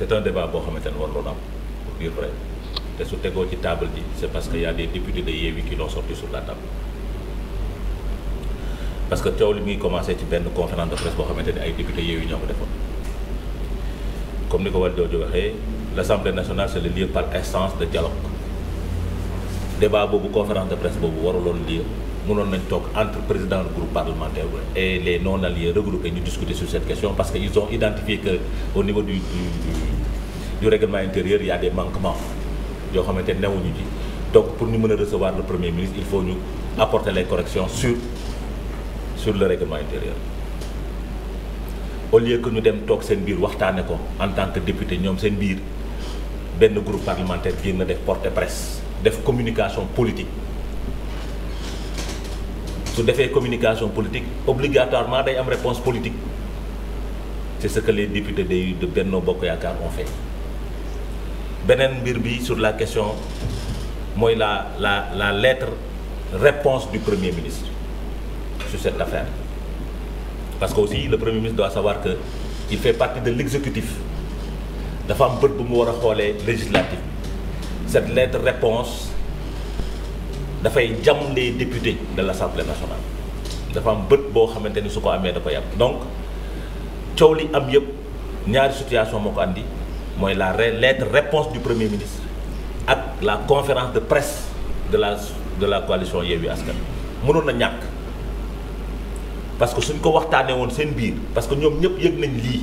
c'est un boo xamante ne warul am pour dire te su tegoo ci table ji c'est parce que y a des députés de Yewwi qui sorti sur la parce que coow li mi ngi commencé ci benn conférence de presse boo xamante ni ay députés Yewwi ñoo ko defoon comme ni ko war jooju waxee l'Assemblée nationale c'est le lieu par instance de dialogue débat boobu conférence de presse boobu waruloon lieu mënoon nañ toog entre président du groupe parlementaire et les non alliés regroupés ñu discuter sur cette question parce que ils ont identifié que au niveau du du du règlement intérieur il y a yoo xamante ne ñu ji donc pour ñu mën a recevoir le premier ministre il faut ñu apporter les corrections sur sur le règlement intérieur au lieu que ñu dem toog seen biir waxtaane ko en tant que député ñoom seen biir benn groupe parlementaire génn def porte presse def communication politique su defee communication politique obligatoirement day am réponse politique c'est ce que les députés de benn Bokk Yaakaar ont fait beneen mbir bi sur la question mooy la la la lettre réponse du premier ministre sur cette affaire parce que aussi le premier ministre doit savoir que il fait partie de l'exécutif dafa am bët bu mu war a xoolee législatif cette lettre réponse dafay jam les députés de la l'Assemblée nationale dafa am bët boo xamante ni su ko amee da koy am donc coow li am yëpp ñaari situation moo ko andi mooy la lettre réponse du premier ministre ak la conférence de presse de la de la coalition Yewwi Askan mënoon na ñàkk parce que suñ ko waxtaanee woon seen biir parce que ñoom ñëpp yëg nañ lii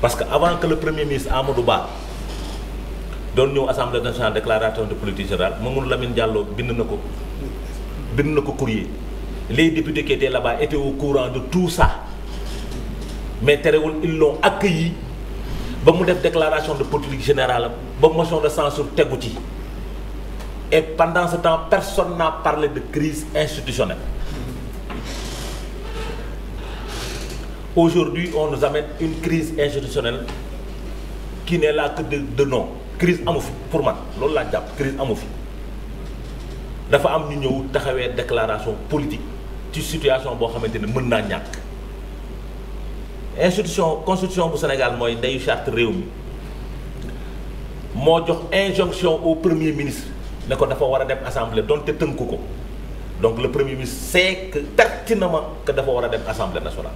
parce que avant que le premier ministre Amadou baax doon ñëw assemblée nationale déclaration de politique générale Mamadou Lamine Diallo bind na ko bind na ko courrier les députés qui étaient là-bas au courant de tout ça mais terewul ils l'ont accueilli ba mu def déclaration de politique générale ba motion de censure tegu ci et pendant temps personne n'a parlé de crise institutionnelle aujourd'hui on nous amène une crise institutionnelle qui n'est là que de, de nom crise amu fi pour man loolu laa jàpp crise amu fi dafa am ñu ñëw taxawee declaration politique ci situation boo xamante ne mën naa ñàkk institution constitution bu Sénégal mooy ndeyu chart réew mi moo jox injonction au premier ministre ne ko dafa war a dem assemblée te tënku ko donc le premier ministre sait que pertinemment que dafa war a dem assemblée nationale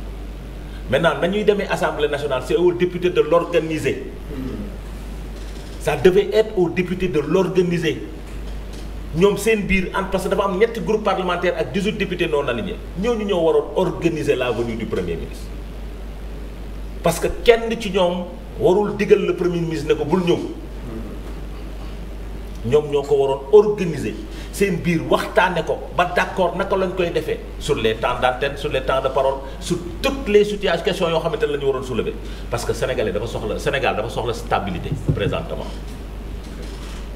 maintenant ñuy demee assemblée nationale c'est au député de l'organiser ça devait être aux députés de l'organiser ñoom seen biir en parce que dafa am ñetti groupe parlementaire ak 18 députés non alignés ñooñu ñoo waroon organiser la venue du premier ministre parce que kenn ci ñoom warul digal la premier ministre ne ko bul ñëw ñoom ñoo ko waroon organiser seen biir waxtaane ko ba d'accord naka lañ koy defee su les temps d'antenne sur les temps de parole sur toutes les situations questions yoo xamante ne la ñu waroon soulever parce que sénégalais dafa soxla Sénégal dafa soxla stabilité présentement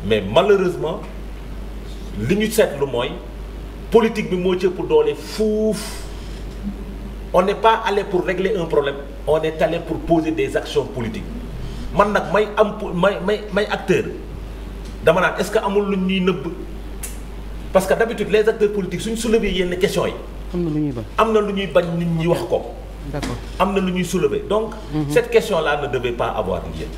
mais malheureusement li ñu seetlu mooy politique bi moo ci ëpp doole fuuf on n'est pas ale pour régler un problème on est allé pour poser des actions politiques man nag may am may may may acteur dama naan est-ce que amul lu ñuy nëbb parce que d'habitude les acteurs politiques suñ soulever yenn questions yi. am na lu ñuy bañ am ñuy nit ñi wax ko. d'accord am na lu ñuy soulever donc. Mm cette question là ne devait pas avoir lieu.